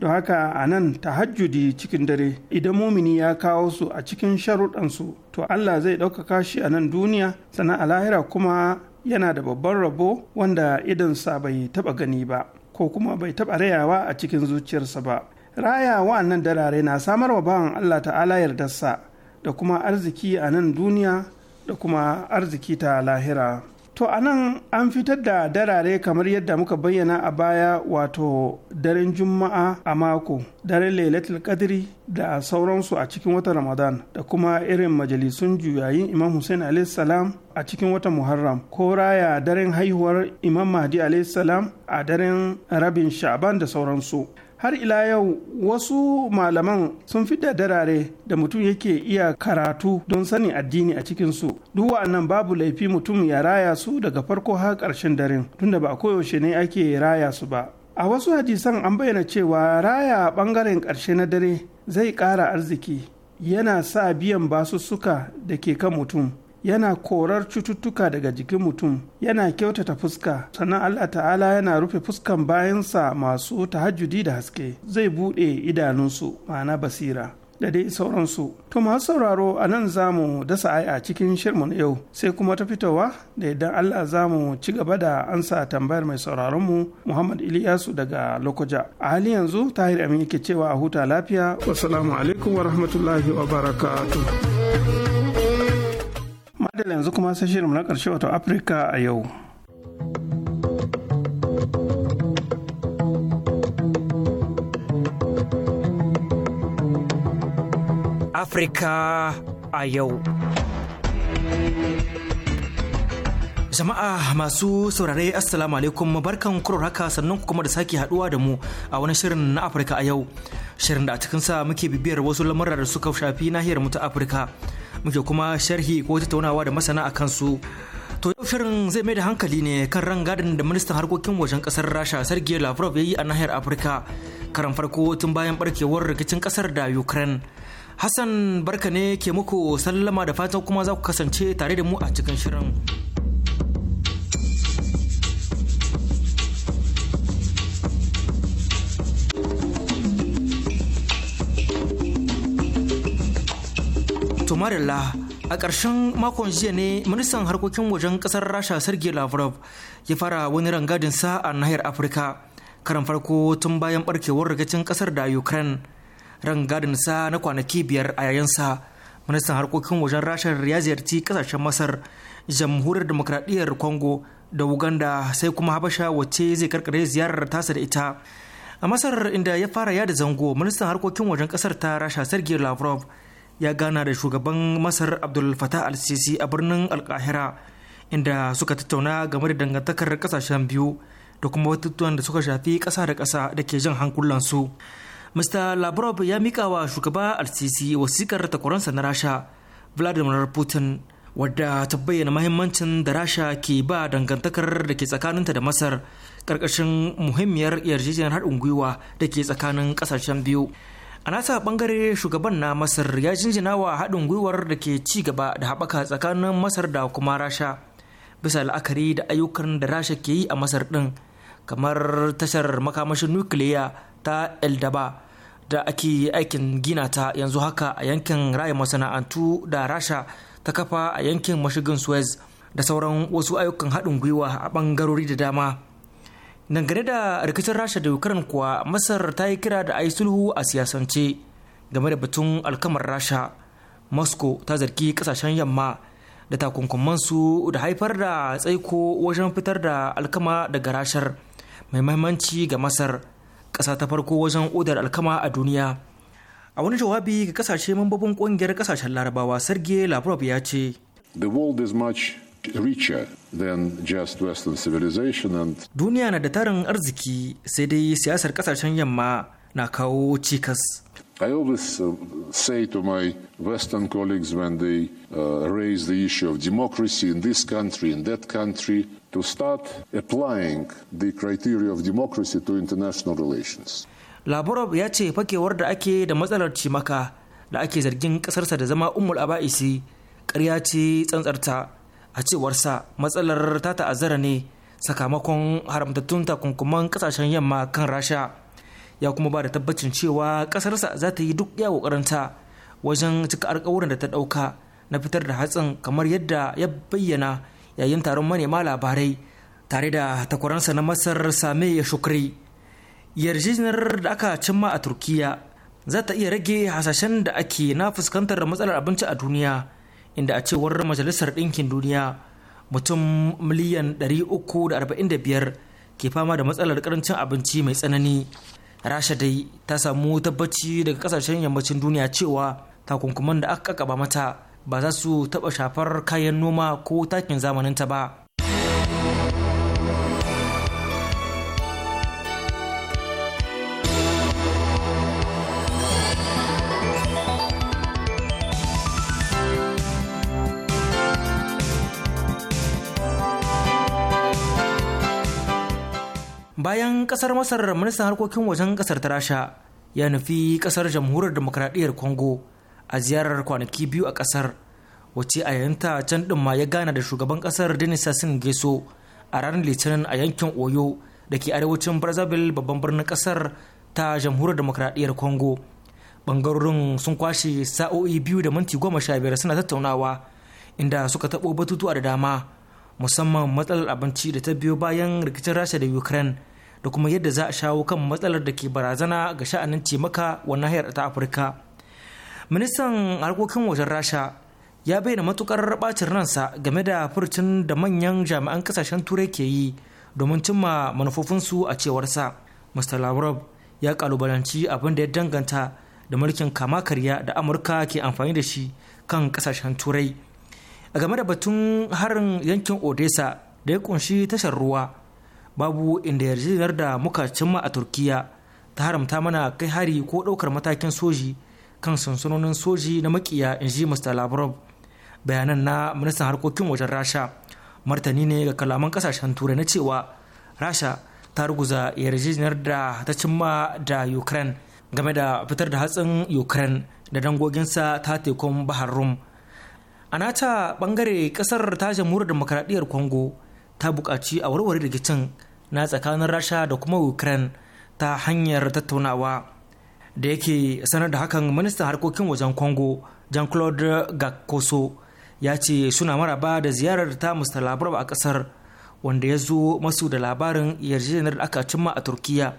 don haka a nan tahajjudi cikin dare idan mumini ya kawo su a cikin sharuɗansu to Allah zai ɗaukaka shi a nan duniya sannan a lahira kuma yana da babban rabo wanda sa bai taɓa gani ba ko kuma bai taɓa rayawa a cikin zuciyarsa ba raya wa'annan darare na samar wa bawan Allah ta'ala yardarsa da kuma arziki a nan duniya da kuma arziki ta lahira to anan an fitar da darare kamar yadda muka bayyana a baya wato daren juma'a a mako daren lailatul kadiri da sauransu a cikin watan ramadan da kuma irin majalisun juyayin imam hussein salam a cikin watan muharram ko raya daren haihuwar imam mahdi salam a daren rabin Sha'aban da sauransu har ila yau wasu malaman sun fi da darare da mutum yake iya karatu don sanin addini a cikinsu duk wa'annan babu laifi mutum ya raya su daga farko har ƙarshen daren da ba a koyaushe ne ake raya su ba a wasu hadisan an bayyana cewa raya ɓangaren ƙarshe na dare zai ƙara arziki yana sa biyan basussuka da ke kan mutum yana korar cututtuka daga jikin mutum yana kyautata fuska sannan allah ta'ala yana rufe fuskan bayansa masu tahajjudi da haske zai buɗe idanunsu ma'ana basira da dai sauransu to masu sauraro a nan za mu dasa ai a cikin shirmun yau sai kuma ta fitowa da idan allah za mu ci gaba da ansa tambayar mai sauraronmu muhammad iliyasu daga lokoja a hali yanzu tahir amin ke cewa a huta lafiya wasalamu alaikum wa rahmatullahi wa barakatuh madalla yanzu kuma sai shirin na karshe wato afirka a yau afirka a yau Jama'a masu saurare Assalamu alaikum barkan kurar haka sannan kuma da sake haduwa da mu a wani shirin na Afirka a yau. Shirin da a cikin sa muke bibiyar wasu lamurra da suka shafi nahiyar mu ta Afirka. muke kuma sharhi ko tattaunawa da masana a kansu to yau shirin zai mai da hankali ne kan gadin da ministan harkokin wajen kasar rasha sergei lavrov ya yi a nahiyar afirka karan farko tun bayan barkewar rikicin kasar da ukraine hassan barka ne ke muku sallama da fatan kuma za ku kasance tare da mu a cikin shirin To la a ƙarshen makon jiya ne ministan harkokin wajen ƙasar Rasha Sergei Lavrov ya fara wani rangadinsa a nahiyar Afirka. Karan farko tun bayan barkewar rikicin ƙasar da Ukraine. Rangadinsa na kwanaki biyar a sa Ministan harkokin wajen Rasha ya ziyarci ƙasashen Masar, Jamhuriyar Demokradiyyar Congo da Uganda sai kuma Habasha wacce zai karkare ziyarar tasa da ita. A Masar inda ya fara yada zango ministan harkokin wajen ƙasar ta Rasha Sergei Lavrov ya gana da shugaban masar abdul fatah al-sisi a birnin alkahira inda suka tattauna game da dangantakar kasashen biyu da kuma batutuwan da suka shafi kasa da kasa da ke jan hankulansu mr labrov ya mika wa shugaba al-sisi wasikar takwaransa na rasha vladimir putin wadda ta bayyana mahimmancin da rasha ke ba dangantakar da ke tsakaninta da masar ƙarƙashin muhimmiyar yarjejeniyar haɗin gwiwa da ke tsakanin kasashen biyu a nasa bangare shugaban na masar ya jinjina wa haɗin gwiwar da ke ci gaba da haɓaka tsakanin masar da kuma rasha bisa la'akari da ayyukan da rasha ke yi a masar ɗin kamar tashar makamashin nukiliya ta eldaba da ake aikin gina ta yanzu haka a yankin rayu masana'antu da rasha ta kafa a yankin mashigin suez da sauran wasu ayyukan haɗin gwiwa a bangarori da dama dangane da rikicin rasha da ukraine kuwa masar ta yi kira da a yi sulhu a siyasance game da batun alkamar rasha moscow ta zargi kasashen yamma da takunkumansu da haifar da tsaiko wajen fitar da alkama daga rashar mai mahimmanci ga masar ƙasa ta farko wajen odar alkama a duniya a wani jawabi ga kasashe mambobin ƙungiyar kasashen larabawa sergei lavrov ya ce the world is much richer than just Western civilization and Duniya na da tarin arziki sai dai siyasar kasashen yamma na kawo cikas. I always uh, say to my Western colleagues when they uh, raise the issue of democracy in this country, in that country, to start applying the criteria of democracy to international relations. Laborov ya ce fakewar da ake da matsalar cimaka da ake zargin kasarsa da zama umul aba'isi ƙarya ce tsantsarta a cewarsa matsalar ta ta'azzara ne sakamakon haramtattun takunkuman kasashen yamma kan rasha ya kuma ba da tabbacin cewa kasarsa za ta yi duk ya kokarinta wajen cika alkawuran da ta dauka na fitar da hatsin kamar yadda ya bayyana yayin taron manema labarai tare da takwaransa na masar same ya shukri yarjejinar da aka cimma a turkiya za ta iya rage hasashen da ake na fuskantar matsalar abinci a duniya inda a cewar majalisar ɗinkin duniya mutum miliyan 345 ke fama da matsalar karancin abinci mai tsanani rasha dai ta samu tabbaci daga kasashen yammacin duniya cewa takunkuman da aka kaba mata ba za su taɓa shafar kayan noma ko takin zamaninta ba kasar masar ministan harkokin wajen kasar ta rasha ya nufi kasar jamhuriyar demokradiyyar congo a ziyarar kwanaki biyu a kasar wace a yayinta can din ma ya gana da shugaban kasar denis sassin geso a ranar litinin a yankin oyo da ke arewacin brazzaville babban birnin kasar ta jamhuriyar demokradiyyar congo bangarorin sun kwashe sa'o'i biyu da minti goma sha biyar suna tattaunawa inda suka taɓo batutuwa da dama musamman matsalar abinci da ta biyo bayan rikicin rasha da ukraine da kuma yadda za a shawo kan matsalar da ke barazana ga sha'anin cimaka wa nahiyar ta afirka ministan harkokin wajen rasha ya bayyana matukar bacin ransa game da furcin da manyan jami'an kasashen turai ke yi domin cimma manufofinsu a cewarsa mr lavrov ya kalubalanci abin da ya danganta da mulkin kama karya da amurka ke amfani da shi kan kasashen turai a game da batun harin yankin odessa da ya kunshi tashar ruwa babu inda yarjejeniyar da muka cimma a turkiya ta haramta mana kai hari ko ɗaukar matakin soji kan sansanonin soji na makiya in ji mr labrov bayanan na ministan harkokin wajen rasha martani ne ga kalaman kasashen turai na cewa rasha ta ruguza yarjejeniyar da ta cimma da ukraine game da fitar da hatsin ukraine da dangoginsa ta tekun bahar rum a nata bangare kasar ta jamhuriyar demokradiyyar congo ta buƙaci a warware rikicin na tsakanin rasha da kuma ukraine ta hanyar tattaunawa da yake sanar da hakan ministan harkokin wajen congo jean claude gakoso ya ce suna maraba da ziyarar ta mr labarba a kasar wanda ya zo masu da labarin yarjejeniyar da aka cimma a turkiya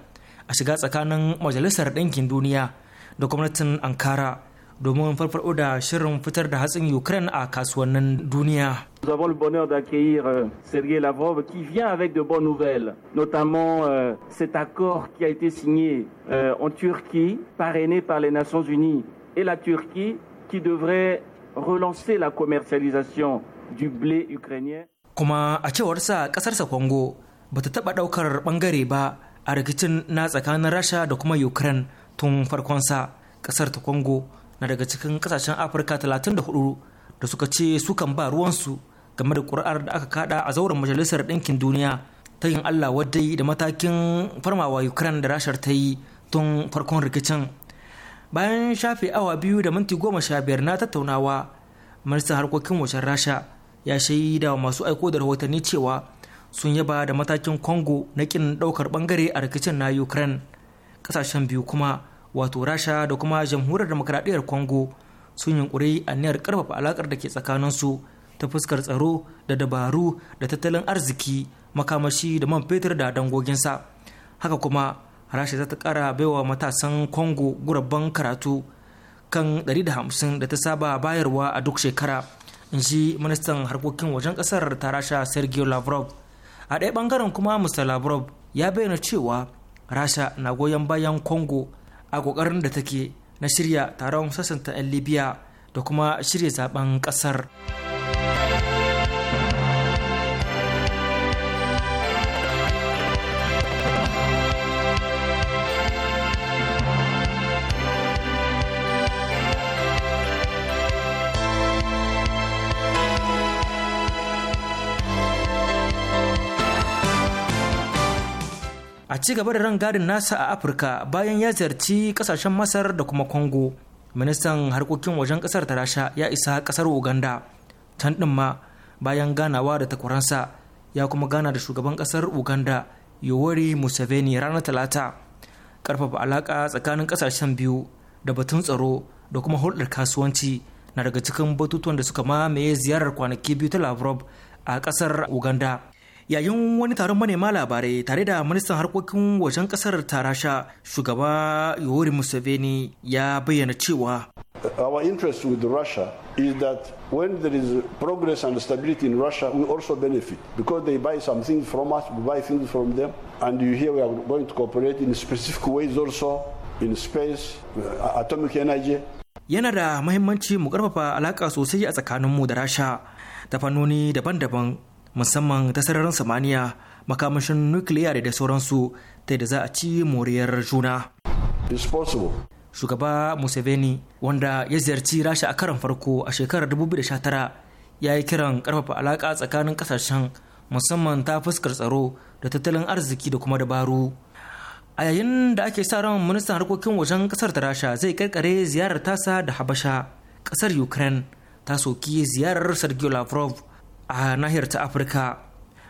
a shiga tsakanin majalisar ɗinkin duniya da gwamnatin ankara domin farfado da shirin fitar da hatsin Ukraine a kasuwannin duniya. Nous avons le bonheur d'accueillir euh, Sergei Lavrov qui vient avec de bonnes nouvelles, notamment euh, cet accord qui a été signé euh, en Turquie, parrainé par les Nations Unies et la Turquie, qui devrait relancer la commercialisation du blé ukrainien. Kuma a t il Congo ba ta taɓa ɗaukar ɓangare ba a rikicin na tsakanin Rasha da kuma Ukraine tun de ƙasar ta Congo na daga cikin kasashen afirka 34 da suka ce sukan ba ruwansu game da ƙuri'ar da aka kada a zauren majalisar ɗinkin duniya ta yin allah wadai da matakin farmawa ukraine da rashar ta yi tun farkon rikicin bayan shafe awa biyu da minti goma sha biyar na tattaunawa ministan harkokin wajen rasha ya shaida wa masu aiko da rahotanni cewa sun yaba da matakin congo na kin ɗaukar bangare a rikicin na ukraine ƙasashen biyu kuma wato rasha da kuma jamhuriyar demokradiyyar congo sun yunkuri aniyar karfafa alakar da ke tsakaninsu ta fuskar tsaro da dabaru da tattalin arziki makamashi da man fetur da dangoginsa haka kuma rasha za ta kara baiwa matasan congo gurabban karatu kan 150 da ta saba bayarwa a duk shekara in ji ministan harkokin wajen kasar ta rasha sergio lavrov a ɗaya bangaren kuma mr lavrov ya bayyana cewa rasha na goyon bayan congo a kokarin da take na shirya taron sassanta 'yan libya da kuma shirya zaben kasar. a ci gaba da rangadin nasa a afirka bayan ya ziyarci kasashen masar da kuma congo ministan harkokin wajen kasar ta rasha ya isa kasar uganda can din ma bayan ganawa da takwaransa ya kuma gana da shugaban kasar uganda yowari museveni ranar talata karfafa alaka tsakanin kasashen biyu da batun tsaro da kuma hulɗar kasuwanci na daga cikin batutuwan da suka mamaye ziyarar kwanaki biyu ta lavrov a kasar uganda yayin wani taron manema labarai tare da ministan harkokin wajen kasar tarasha shugaba yori museveni ya bayyana cewa our interest with russia is that when there is progress and stability in russia we also benefit because they buy some things from us we buy things from them and you hear we are going to cooperate in specific ways also in space uh, atomic energy yana da mahimmanci mu karfafa alaka sosai a tsakaninmu da rasha ta fannoni daban-daban musamman ta sararin samaniya makamashin nukiliya da sauransu ta da za a ci moriyar juna shugaba museveni wanda ya ziyarci rasha a karan farko a shekarar 2019 ya yi kiran karfafa alaƙa tsakanin kasashen musamman ta fuskar tsaro da tattalin arziki da kuma dabaru a yayin da ake sa ran ministan harkokin wajen kasar ta rasha zai karkare ziyarar tasa da habasha kasar ukraine ta soki ziyarar sergio lavrov a nahiyar ta afirka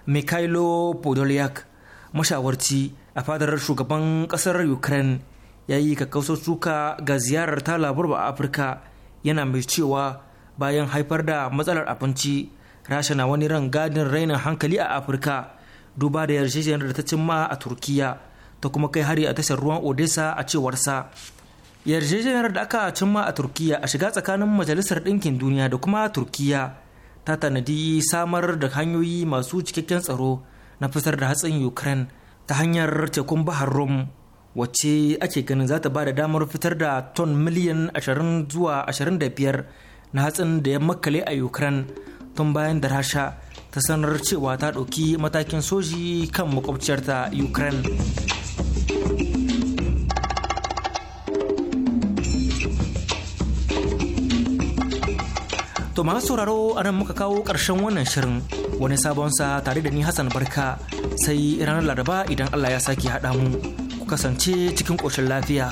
mikhailo podolyak mashawarci a fadar shugaban kasar ukraine ya yi kakkausar suka ga ziyarar ta labarba a afirka yana mai cewa bayan haifar da matsalar abinci rasha na wani ran gadin rainin hankali a afirka duba da yarjejeniyar da ta cimma a turkiya ta kuma kai hari a tashar ruwan odessa a cewarsa yarjejeniyar da aka cimma a turkiya a shiga tsakanin majalisar ɗinkin duniya da kuma turkiya ta tanadi samar da hanyoyi masu cikakken tsaro na fitar da hatsin ukraine ta hanyar tekun bahar rum wacce ake ganin za ta ba da damar fitar da ton miliyan 20 zuwa 25 na hatsin da ya makale a ukraine tun bayan da rasha ta sanar cewa ta ɗauki matakin soji kan makwabciyarta ukraine To masu sauraro a nan muka kawo ƙarshen wannan shirin wani sabon sa tare da ni Hassan Barka sai ranar Laraba idan Allah ya sake haɗa mu ku kasance cikin ƙoshin lafiya.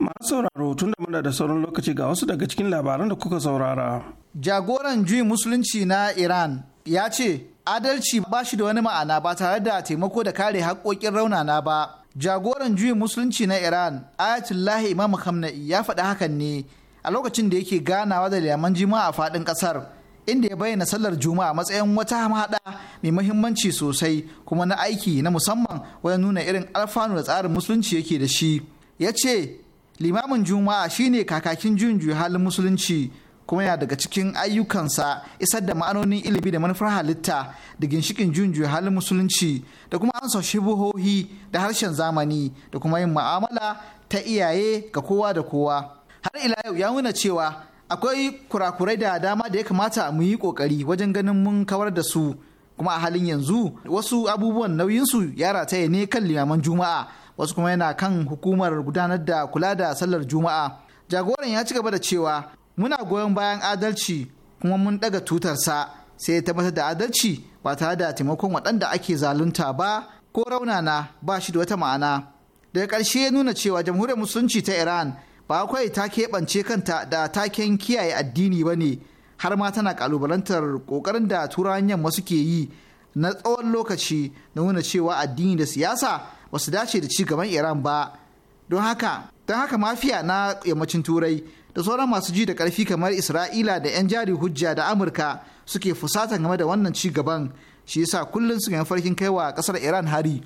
Ma sauraro tun da muna da sauran lokaci ga wasu daga cikin labaran da kuka saurara. Jagoran juyin musulunci na Iran ya ce adalci ba shi da wani ma'ana ba tare da taimako da kare haƙƙoƙin raunana ba. jagoran juyin musulunci na iran ayatullahi imam khamenei ya faɗi hakan ne a lokacin da yake ganawa da liyaman juma'a a faɗin ƙasar inda ya bayyana sallar juma'a matsayin wata hamada mai muhimmanci sosai kuma na aiki na musamman wajen nuna irin alfanu da tsarin musulunci yake da shi ya ce limamin juma'a shine kakakin juyin juyin halin musulunci kuma yana daga cikin ayyukansa isar da ma'anonin ilimi da manufar halitta da ginshikin junju halin musulunci da kuma ansa shibuhohi da harshen zamani da kuma yin ma'amala ta iyaye ga kowa da kowa har ila yau ya nuna cewa akwai kurakurai da dama da ya kamata mu yi kokari wajen ganin mun kawar da su kuma a halin yanzu wasu abubuwan nauyinsu ya rataye ne kan limaman juma'a wasu kuma yana kan hukumar gudanar da kula da sallar juma'a jagoran ya ci gaba da cewa muna goyon bayan adalci kuma mun daga tutarsa sai ya tabbatar da adalci ba tare da taimakon waɗanda ake zalunta ba ko raunana ba shi da wata ma'ana daga ƙarshe ya nuna cewa jamhuriyar musulunci ta iran ba kawai ta keɓance kanta da taken kiyaye addini ba ne har ma tana kalubalantar ƙoƙarin da turawan yamma ke yi na tsawon lokaci na nuna cewa addini da siyasa ba su dace da ci gaban iran ba don haka don haka mafiya na yammacin turai da sauran masu ji da ƙarfi kamar Isra'ila da 'yan jari hujja da Amurka suke fusata game da wannan ci gaban shi yasa kullum suka yi farkin kaiwa ƙasar Iran hari.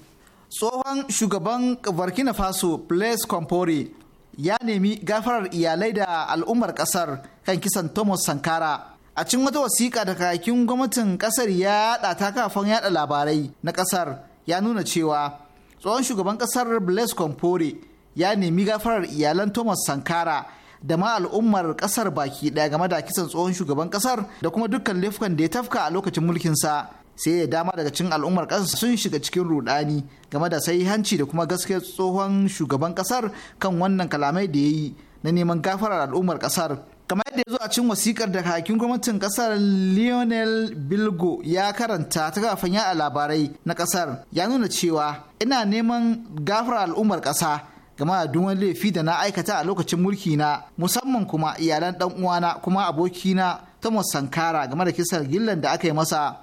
Tsohon shugaban Burkina Faso Blaise Compaoré ya nemi gafarar iyalai da al'ummar ƙasar kan kisan Thomas Sankara. A cikin wata wasiƙa da kakin gwamnatin ƙasar ya yaɗa ta kafan yaɗa labarai na ƙasar ya nuna cewa tsohon shugaban ƙasar Blaise Compaoré ya nemi gafarar iyalan Thomas Sankara da ma al'ummar kasar baki daya game da kisan tsohon shugaban kasar da kuma dukkan laifukan da ya tafka a lokacin mulkinsa sai ya dama daga cikin al'ummar kasar sun shiga cikin rudani game da sai hanci da kuma gaskiyar tsohon shugaban kasar kan wannan kalamai da ya yi na neman gafarar al'ummar kasar kamar yadda ya zo a cin wasikar da hakin gwamnatin kasar lionel bilgo ya karanta ta kafin ya labarai na kasar ya nuna cewa ina neman gafar al'ummar kasa game da duk wani laifi da na aikata a lokacin mulki na musamman kuma iyalan dan uwana kuma abokina Thomas Sankara game da kisar gillan da aka yi masa.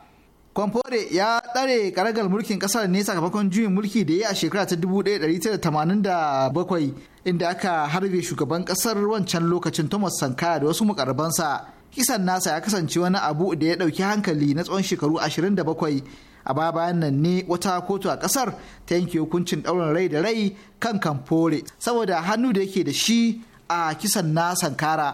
Kwamfore ya tsare karagar mulkin kasar ne sakamakon juyin mulki da ya yi a shekara ta 1987 inda aka harbe shugaban kasar wancan lokacin Thomas Sankara da wasu mukarbansa. Kisan nasa ya kasance wani abu da ya dauki hankali na tsawon shekaru 27 a babayan bayan nan ne wata kotu a kasar ta yanke hukuncin ɗaurin rai da rai kan kamfore saboda hannu da yake da shi a kisan na sankara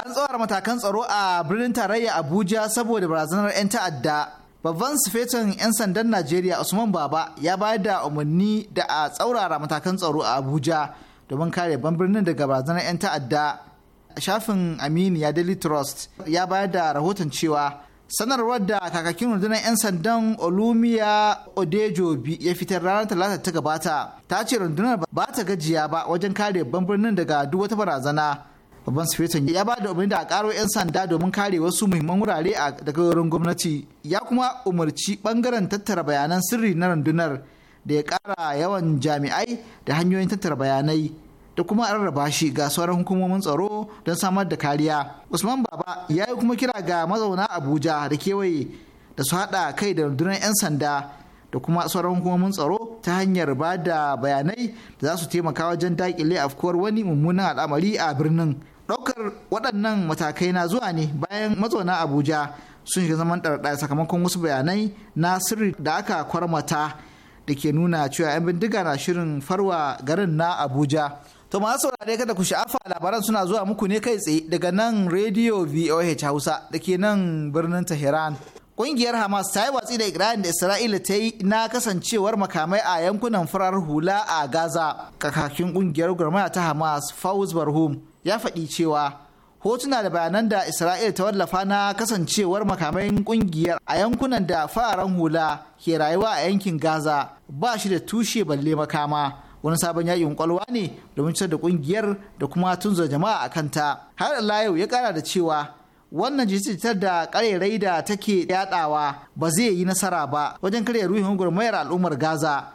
an tsawar matakan tsaro a birnin tarayya abuja saboda barazanar 'yan ta'adda babban sufetan 'yan sandan najeriya usman baba ya bayar da umarni da a tsaurara matakan tsaro a abuja domin kare ban birnin daga barazanar 'yan ta'adda shafin aminiya daily trust ya bayar da rahoton cewa sanarwar da kakakin rundunar 'yan sandan olumiya odejobi ya fitar ranar talata ta gabata ta ce rundunar ba ta gajiya ba wajen kare babban birnin daga duk wata barazana babban sufetan ya ba da umarni da a karo 'yan sanda domin kare wasu muhimman wurare a daga wurin gwamnati ya kuma umarci bangaren tattara bayanan sirri na rundunar da ya kara yawan jami'ai da hanyoyin tattara bayanai da kuma a rarraba shi ga sauran hukumomin tsaro don samar da kariya usman baba ya yi kuma kira ga mazauna abuja da kewaye da su haɗa kai da rundunar 'yan sanda da kuma sauran hukumomin tsaro ta hanyar ba da bayanai da za su taimaka wajen daƙile afkuwar wani mummunan al'amari a birnin ɗaukar waɗannan matakai na zuwa ne bayan mazauna abuja sun shiga zaman ɗarɗa sakamakon wasu bayanai na sirri da aka kwarmata da ke nuna cewa 'yan bindiga na shirin farwa garin na abuja To masu saurare kada ku sha'afa labaran suna zuwa muku ne kai tsaye daga nan Radio VOH Hausa da ke nan birnin Tehran. Ƙungiyar Hamas ta yi watsi da ikirarin da Isra'ila ta yi na kasancewar makamai a yankunan farar hula a Gaza. Kakakin ƙungiyar gwamnati ta Hamas Fawz Barhum ya faɗi cewa hotuna da bayanan da Isra'ila ta wallafa na kasancewar makamai ƙungiyar a yankunan da fararen hula ke rayuwa a yankin Gaza ba shi da tushe balle makama. wani sabon yakin kwalwa ne domin cutar da kungiyar da kuma tunzo jama'a a kanta har ila yau ya kara da cewa wannan jita da karerai da take yadawa ba zai yi nasara ba wajen karya ruhin gurmayar al'ummar gaza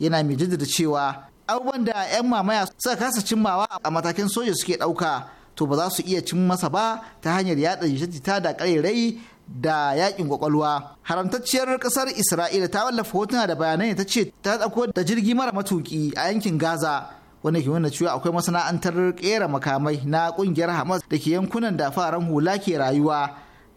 yana mai jaddada cewa abubuwan da 'yan mamaya suka kasa cimmawa a matakin soja suke ɗauka to ba za su iya cin masa ba ta hanyar yada jita da karerai da yakin kwakwalwa haramtacciyar kasar isra'ila ta wallafa hotuna da bayanai ta ce ta tsako da jirgi mara matuki a yankin gaza wanda ke nuna cewa akwai masana'antar kera makamai na kungiyar hamas da ke yankunan da faran hula ke rayuwa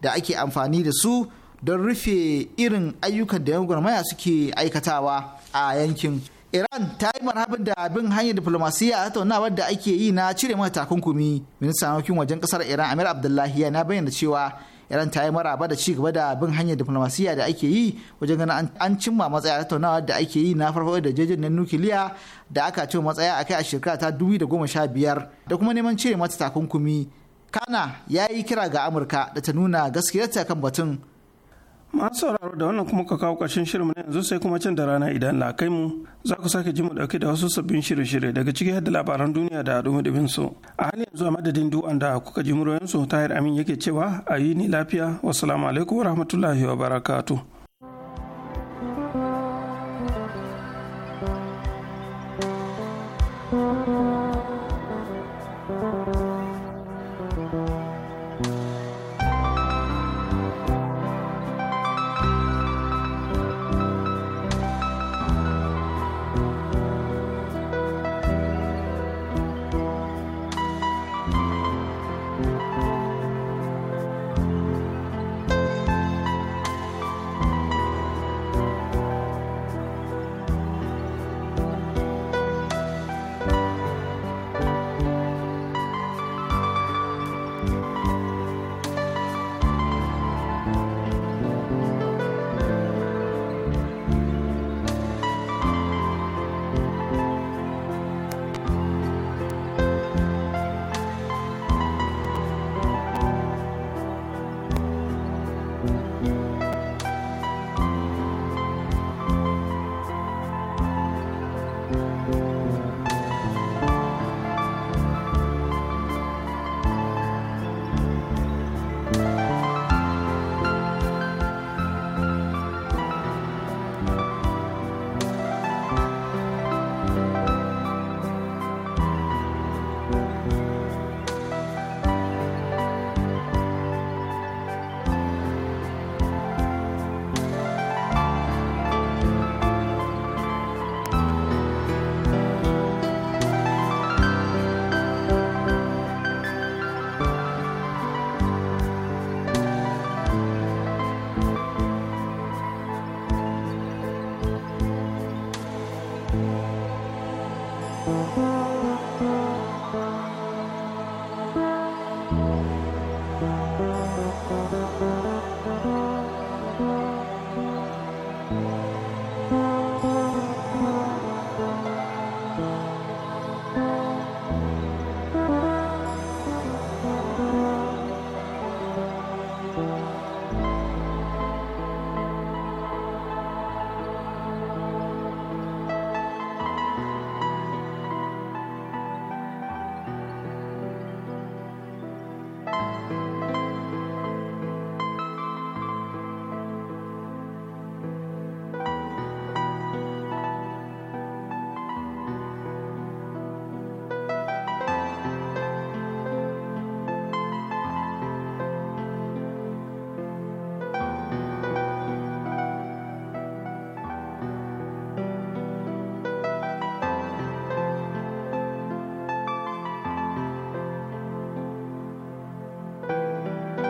da ake amfani da su don rufe irin ayyukan da yan gwamnati suke aikatawa a yankin Iran ta yi marhabin da bin hanyar diplomasiyya a tattaunawar da ake yi na cire mata takunkumi. Ministan harkokin wajen kasar Iran Amir Abdullahi ya na bayyana cewa iran ta yi maraba da ci gaba da bin hanyar diflomasiyya da ake yi wajen ganin an cimma matsaya tattaunawa da ake yi na farfaɗo da jejin na nukiliya da aka cewa matsaya a kai a shekara ta dubu da goma sha biyar da kuma neman cire mata takunkumi kana ya yi kira ga amurka da ta nuna gaskiyarta kan batun masu sauraro da wannan kuma ka kawo ƙarshen shirin na yanzu sai kuma can da rana idan la mu za ku sake ji mu dauke da wasu sabbin shirye-shirye daga ciki da labaran duniya da dumi su a halin yanzu a madadin du'an da kuka ji muryoyin su tahir amin yake cewa a yi ni lafiya wassalamu alaikum wa wabarakatuh